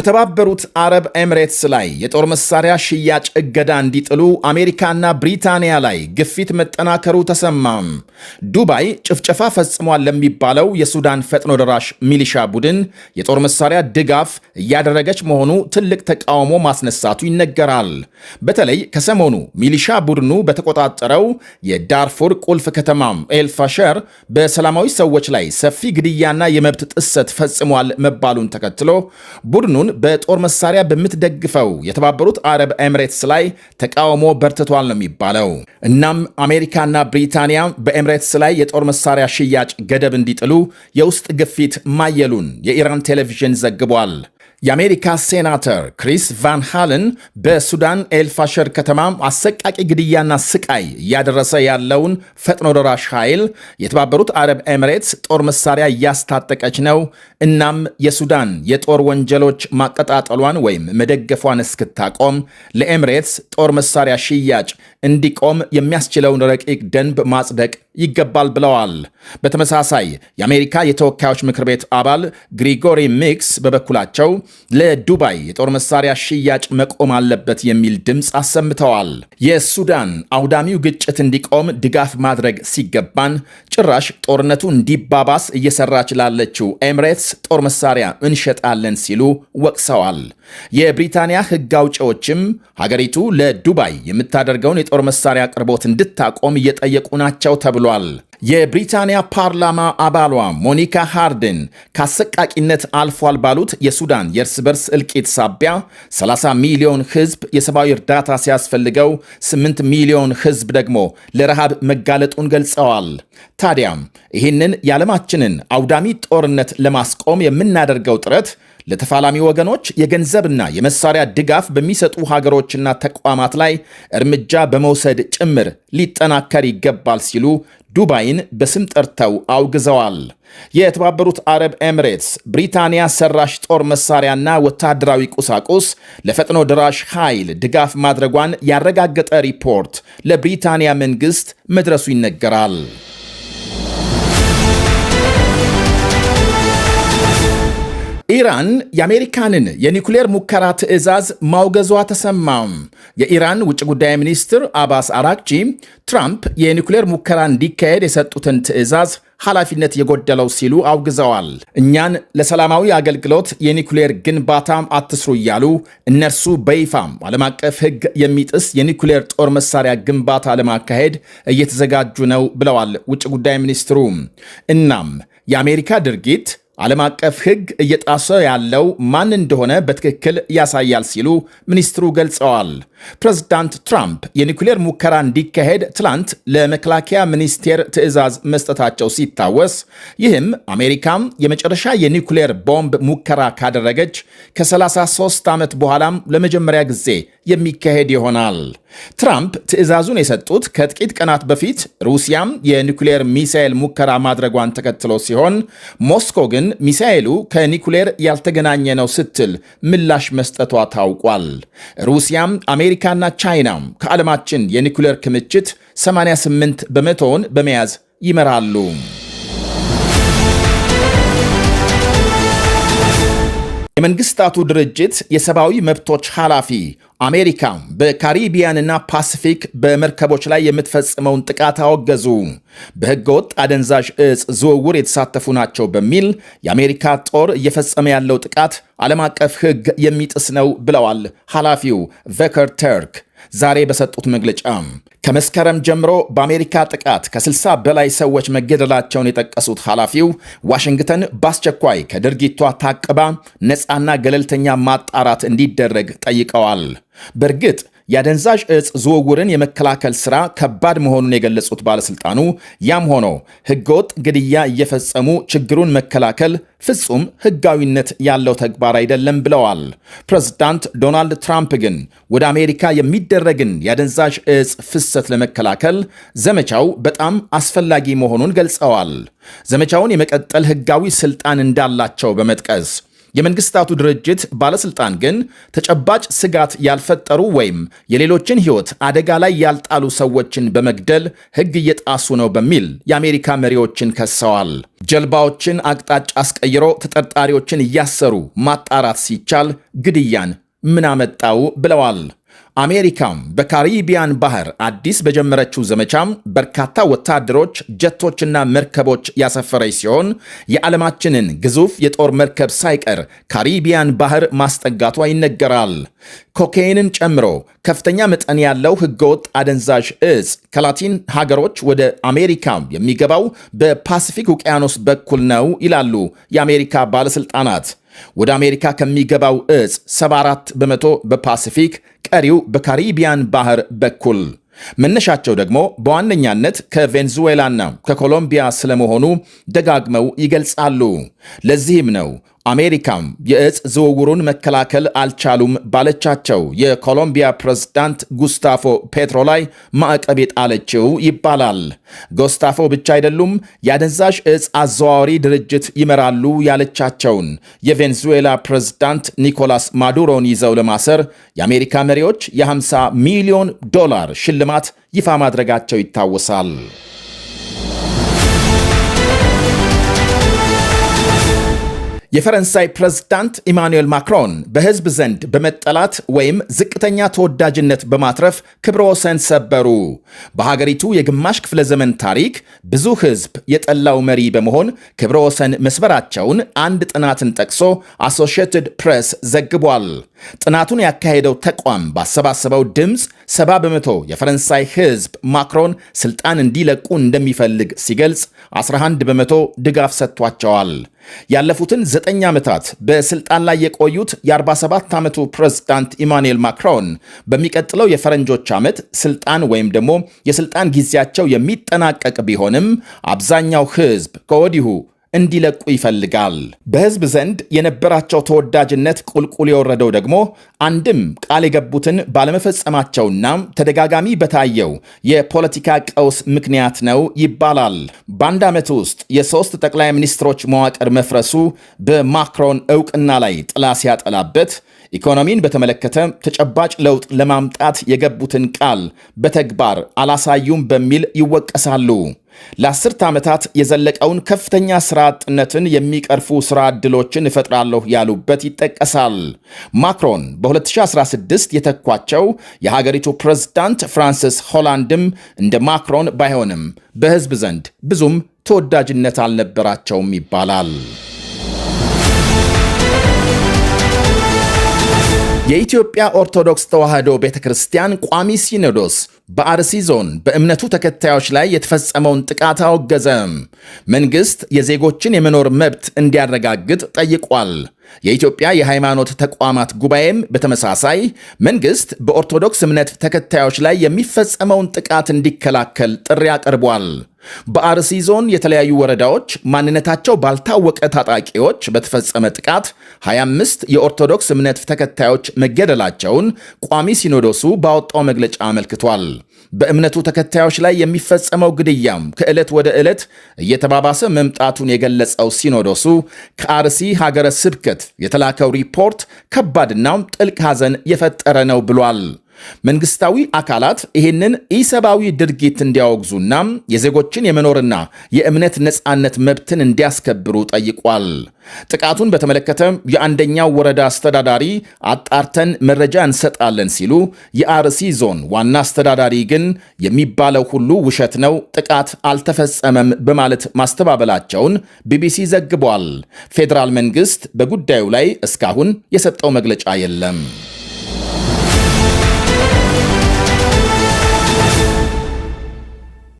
በተባበሩት አረብ ኤምሬትስ ላይ የጦር መሳሪያ ሽያጭ እገዳ እንዲጥሉ አሜሪካና ብሪታንያ ላይ ግፊት መጠናከሩ ተሰማም። ዱባይ ጭፍጨፋ ፈጽሟል ለሚባለው የሱዳን ፈጥኖ ደራሽ ሚሊሻ ቡድን የጦር መሳሪያ ድጋፍ እያደረገች መሆኑ ትልቅ ተቃውሞ ማስነሳቱ ይነገራል። በተለይ ከሰሞኑ ሚሊሻ ቡድኑ በተቆጣጠረው የዳርፉር ቁልፍ ከተማም ኤልፋሸር በሰላማዊ ሰዎች ላይ ሰፊ ግድያና የመብት ጥሰት ፈጽሟል መባሉን ተከትሎ ቡድኑን በጦር መሳሪያ በምትደግፈው የተባበሩት አረብ ኤምሬትስ ላይ ተቃውሞ በርትቷል ነው የሚባለው። እናም አሜሪካና ብሪታንያ በኤምሬትስ ላይ የጦር መሳሪያ ሽያጭ ገደብ እንዲጥሉ የውስጥ ግፊት ማየሉን የኢራን ቴሌቪዥን ዘግቧል። የአሜሪካ ሴናተር ክሪስ ቫን ሃለን በሱዳን ኤልፋሸር ከተማ አሰቃቂ ግድያና ስቃይ እያደረሰ ያለውን ፈጥኖ ደራሽ ኃይል የተባበሩት አረብ ኤምሬትስ ጦር መሳሪያ እያስታጠቀች ነው፣ እናም የሱዳን የጦር ወንጀሎች ማቀጣጠሏን ወይም መደገፏን እስክታቆም ለኤምሬትስ ጦር መሳሪያ ሽያጭ እንዲቆም የሚያስችለውን ረቂቅ ደንብ ማጽደቅ ይገባል ብለዋል። በተመሳሳይ የአሜሪካ የተወካዮች ምክር ቤት አባል ግሪጎሪ ሚክስ በበኩላቸው ለዱባይ የጦር መሳሪያ ሽያጭ መቆም አለበት የሚል ድምፅ አሰምተዋል። የሱዳን አውዳሚው ግጭት እንዲቆም ድጋፍ ማድረግ ሲገባን ጭራሽ ጦርነቱ እንዲባባስ እየሰራች ላለችው ኤምሬትስ ጦር መሳሪያ እንሸጣለን ሲሉ ወቅሰዋል። የብሪታንያ ሕግ አውጪዎችም ሀገሪቱ ለዱባይ የምታደርገውን የጦር መሳሪያ አቅርቦት እንድታቆም እየጠየቁ ናቸው ተብሎ ብሏል። የብሪታንያ ፓርላማ አባሏ ሞኒካ ሃርድን ከአሰቃቂነት አልፏል ባሉት የሱዳን የእርስ በርስ እልቂት ሳቢያ 30 ሚሊዮን ሕዝብ የሰብአዊ እርዳታ ሲያስፈልገው 8 ሚሊዮን ሕዝብ ደግሞ ለረሃብ መጋለጡን ገልጸዋል። ታዲያም ይህንን የዓለማችንን አውዳሚ ጦርነት ለማስቆም የምናደርገው ጥረት ለተፋላሚ ወገኖች የገንዘብና የመሳሪያ ድጋፍ በሚሰጡ ሀገሮችና ተቋማት ላይ እርምጃ በመውሰድ ጭምር ሊጠናከር ይገባል ሲሉ ዱባይን በስም ጠርተው አውግዘዋል። የተባበሩት አረብ ኤምሬትስ ብሪታንያ ሰራሽ ጦር መሳሪያና ወታደራዊ ቁሳቁስ ለፈጥኖ ደራሽ ኃይል ድጋፍ ማድረጓን ያረጋገጠ ሪፖርት ለብሪታንያ መንግሥት መድረሱ ይነገራል። ኢራን የአሜሪካንን የኒኩሌር ሙከራ ትዕዛዝ ማውገዟ ተሰማም። የኢራን ውጭ ጉዳይ ሚኒስትር አባስ አራቺ ትራምፕ የኒኩሌር ሙከራ እንዲካሄድ የሰጡትን ትዕዛዝ ኃላፊነት የጎደለው ሲሉ አውግዘዋል። እኛን ለሰላማዊ አገልግሎት የኒኩሌር ግንባታም አትስሩ እያሉ እነርሱ በይፋም ዓለም አቀፍ ሕግ የሚጥስ የኒኩሌር ጦር መሳሪያ ግንባታ ለማካሄድ እየተዘጋጁ ነው ብለዋል ውጭ ጉዳይ ሚኒስትሩ። እናም የአሜሪካ ድርጊት ዓለም አቀፍ ሕግ እየጣሰ ያለው ማን እንደሆነ በትክክል ያሳያል ሲሉ ሚኒስትሩ ገልጸዋል። ፕሬዝዳንት ትራምፕ የኒኩሌር ሙከራ እንዲካሄድ ትላንት ለመከላከያ ሚኒስቴር ትዕዛዝ መስጠታቸው ሲታወስ ይህም አሜሪካም የመጨረሻ የኒኩሌር ቦምብ ሙከራ ካደረገች ከ33 ዓመት በኋላም ለመጀመሪያ ጊዜ የሚካሄድ ይሆናል። ትራምፕ ትዕዛዙን የሰጡት ከጥቂት ቀናት በፊት ሩሲያም የኒኩሌር ሚሳኤል ሙከራ ማድረጓን ተከትሎ ሲሆን ሞስኮ ግን ሚሳኤሉ ከኒኩሌር ያልተገናኘ ነው ስትል ምላሽ መስጠቷ ታውቋል። ሩሲያም አሜሪካና ቻይና ከዓለማችን የኒኩሌር ክምችት 88 በመቶውን በመያዝ ይመራሉ። የመንግስታቱ ድርጅት የሰብአዊ መብቶች ኃላፊ አሜሪካ በካሪቢያንና ፓሲፊክ በመርከቦች ላይ የምትፈጽመውን ጥቃት አወገዙ። በህገወጥ አደንዛዥ እጽ ዝውውር የተሳተፉ ናቸው በሚል የአሜሪካ ጦር እየፈጸመ ያለው ጥቃት ዓለም አቀፍ ህግ የሚጥስ ነው ብለዋል ኃላፊው ቬከር ተርክ ዛሬ በሰጡት መግለጫ ከመስከረም ጀምሮ በአሜሪካ ጥቃት ከ60 በላይ ሰዎች መገደላቸውን የጠቀሱት ኃላፊው ዋሽንግተን በአስቸኳይ ከድርጊቷ ታቅባ ነፃና ገለልተኛ ማጣራት እንዲደረግ ጠይቀዋል። በእርግጥ የአደንዛዥ እጽ ዝውውርን የመከላከል ስራ ከባድ መሆኑን የገለጹት ባለስልጣኑ፣ ያም ሆኖ ህገወጥ ግድያ እየፈጸሙ ችግሩን መከላከል ፍጹም ህጋዊነት ያለው ተግባር አይደለም ብለዋል። ፕሬዝዳንት ዶናልድ ትራምፕ ግን ወደ አሜሪካ የሚደረግን የአደንዛዥ እጽ ፍሰት ለመከላከል ዘመቻው በጣም አስፈላጊ መሆኑን ገልጸዋል። ዘመቻውን የመቀጠል ህጋዊ ስልጣን እንዳላቸው በመጥቀስ የመንግስታቱ ድርጅት ባለስልጣን ግን ተጨባጭ ስጋት ያልፈጠሩ ወይም የሌሎችን ሕይወት አደጋ ላይ ያልጣሉ ሰዎችን በመግደል ሕግ እየጣሱ ነው በሚል የአሜሪካ መሪዎችን ከሰዋል። ጀልባዎችን አቅጣጫ አስቀይሮ ተጠርጣሪዎችን እያሰሩ ማጣራት ሲቻል ግድያን ምን አመጣው ብለዋል። አሜሪካም በካሪቢያን ባህር አዲስ በጀመረችው ዘመቻም በርካታ ወታደሮች፣ ጀቶችና መርከቦች ያሰፈረች ሲሆን የዓለማችንን ግዙፍ የጦር መርከብ ሳይቀር ካሪቢያን ባህር ማስጠጋቷ ይነገራል። ኮካይንን ጨምሮ ከፍተኛ መጠን ያለው ህገወጥ አደንዛዥ እጽ ከላቲን ሀገሮች ወደ አሜሪካ የሚገባው በፓሲፊክ ውቅያኖስ በኩል ነው ይላሉ የአሜሪካ ባለሥልጣናት። ወደ አሜሪካ ከሚገባው እጽ 74 በመቶ በፓሲፊክ፣ ቀሪው በካሪቢያን ባህር በኩል መነሻቸው ደግሞ በዋነኛነት ከቬንዙዌላና ከኮሎምቢያ ስለመሆኑ ደጋግመው ይገልጻሉ። ለዚህም ነው አሜሪካም የእጽ ዝውውሩን መከላከል አልቻሉም ባለቻቸው የኮሎምቢያ ፕሬዝዳንት ጉስታፎ ፔትሮ ላይ ማዕቀብ የጣለችው ይባላል። ጉስታፎ ብቻ አይደሉም የአደንዛዥ እጽ አዘዋዋሪ ድርጅት ይመራሉ ያለቻቸውን የቬንዙዌላ ፕሬዝዳንት ኒኮላስ ማዱሮን ይዘው ለማሰር የአሜሪካ መሪዎች የ50 ሚሊዮን ዶላር ሽልማት ይፋ ማድረጋቸው ይታወሳል። የፈረንሳይ ፕሬዝዳንት ኢማኑኤል ማክሮን በህዝብ ዘንድ በመጠላት ወይም ዝቅተኛ ተወዳጅነት በማትረፍ ክብረ ወሰን ሰበሩ። በሀገሪቱ የግማሽ ክፍለ ዘመን ታሪክ ብዙ ህዝብ የጠላው መሪ በመሆን ክብረ ወሰን መስበራቸውን አንድ ጥናትን ጠቅሶ አሶሺየትድ ፕሬስ ዘግቧል። ጥናቱን ያካሄደው ተቋም ባሰባሰበው ድምፅ ሰባ በመቶ የፈረንሳይ ሕዝብ ማክሮን ስልጣን እንዲለቁ እንደሚፈልግ ሲገልጽ 11 በመቶ ድጋፍ ሰጥቷቸዋል። ያለፉትን ዘጠኝ ዓመታት በስልጣን ላይ የቆዩት የ47 ዓመቱ ፕሬዝዳንት ኢማኑኤል ማክሮን በሚቀጥለው የፈረንጆች ዓመት ስልጣን ወይም ደግሞ የስልጣን ጊዜያቸው የሚጠናቀቅ ቢሆንም አብዛኛው ሕዝብ ከወዲሁ እንዲለቁ ይፈልጋል። በህዝብ ዘንድ የነበራቸው ተወዳጅነት ቁልቁል የወረደው ደግሞ አንድም ቃል የገቡትን ባለመፈጸማቸውና ተደጋጋሚ በታየው የፖለቲካ ቀውስ ምክንያት ነው ይባላል። በአንድ ዓመት ውስጥ የሶስት ጠቅላይ ሚኒስትሮች መዋቅር መፍረሱ በማክሮን እውቅና ላይ ጥላ ሲያጠላበት ኢኮኖሚን በተመለከተ ተጨባጭ ለውጥ ለማምጣት የገቡትን ቃል በተግባር አላሳዩም በሚል ይወቀሳሉ። ለአስርተ ዓመታት የዘለቀውን ከፍተኛ ሥራ አጥነትን የሚቀርፉ ሥራ ዕድሎችን እፈጥራለሁ ያሉበት ይጠቀሳል። ማክሮን በ2016 የተኳቸው የሀገሪቱ ፕሬዝዳንት ፍራንሲስ ሆላንድም እንደ ማክሮን ባይሆንም በሕዝብ ዘንድ ብዙም ተወዳጅነት አልነበራቸውም ይባላል። የኢትዮጵያ ኦርቶዶክስ ተዋሕዶ ቤተ ክርስቲያን ቋሚ ሲኖዶስ በአርሲ ዞን በእምነቱ ተከታዮች ላይ የተፈጸመውን ጥቃት አወገዘም። መንግሥት የዜጎችን የመኖር መብት እንዲያረጋግጥ ጠይቋል። የኢትዮጵያ የሃይማኖት ተቋማት ጉባኤም በተመሳሳይ መንግሥት በኦርቶዶክስ እምነት ተከታዮች ላይ የሚፈጸመውን ጥቃት እንዲከላከል ጥሪ አቅርቧል። በአርሲ ዞን የተለያዩ ወረዳዎች ማንነታቸው ባልታወቀ ታጣቂዎች በተፈጸመ ጥቃት 25 የኦርቶዶክስ እምነት ተከታዮች መገደላቸውን ቋሚ ሲኖዶሱ ባወጣው መግለጫ አመልክቷል። በእምነቱ ተከታዮች ላይ የሚፈጸመው ግድያም ከዕለት ወደ ዕለት እየተባባሰ መምጣቱን የገለጸው ሲኖዶሱ ከአርሲ ሀገረ ስብከት የተላከው ሪፖርት ከባድናም ጥልቅ ሐዘን የፈጠረ ነው ብሏል። መንግስታዊ አካላት ይህንን ኢሰብአዊ ድርጊት እንዲያወግዙና የዜጎችን የመኖርና የእምነት ነፃነት መብትን እንዲያስከብሩ ጠይቋል። ጥቃቱን በተመለከተ የአንደኛው ወረዳ አስተዳዳሪ አጣርተን መረጃ እንሰጣለን ሲሉ፣ የአርሲ ዞን ዋና አስተዳዳሪ ግን የሚባለው ሁሉ ውሸት ነው፣ ጥቃት አልተፈጸመም በማለት ማስተባበላቸውን ቢቢሲ ዘግቧል። ፌዴራል መንግስት በጉዳዩ ላይ እስካሁን የሰጠው መግለጫ የለም።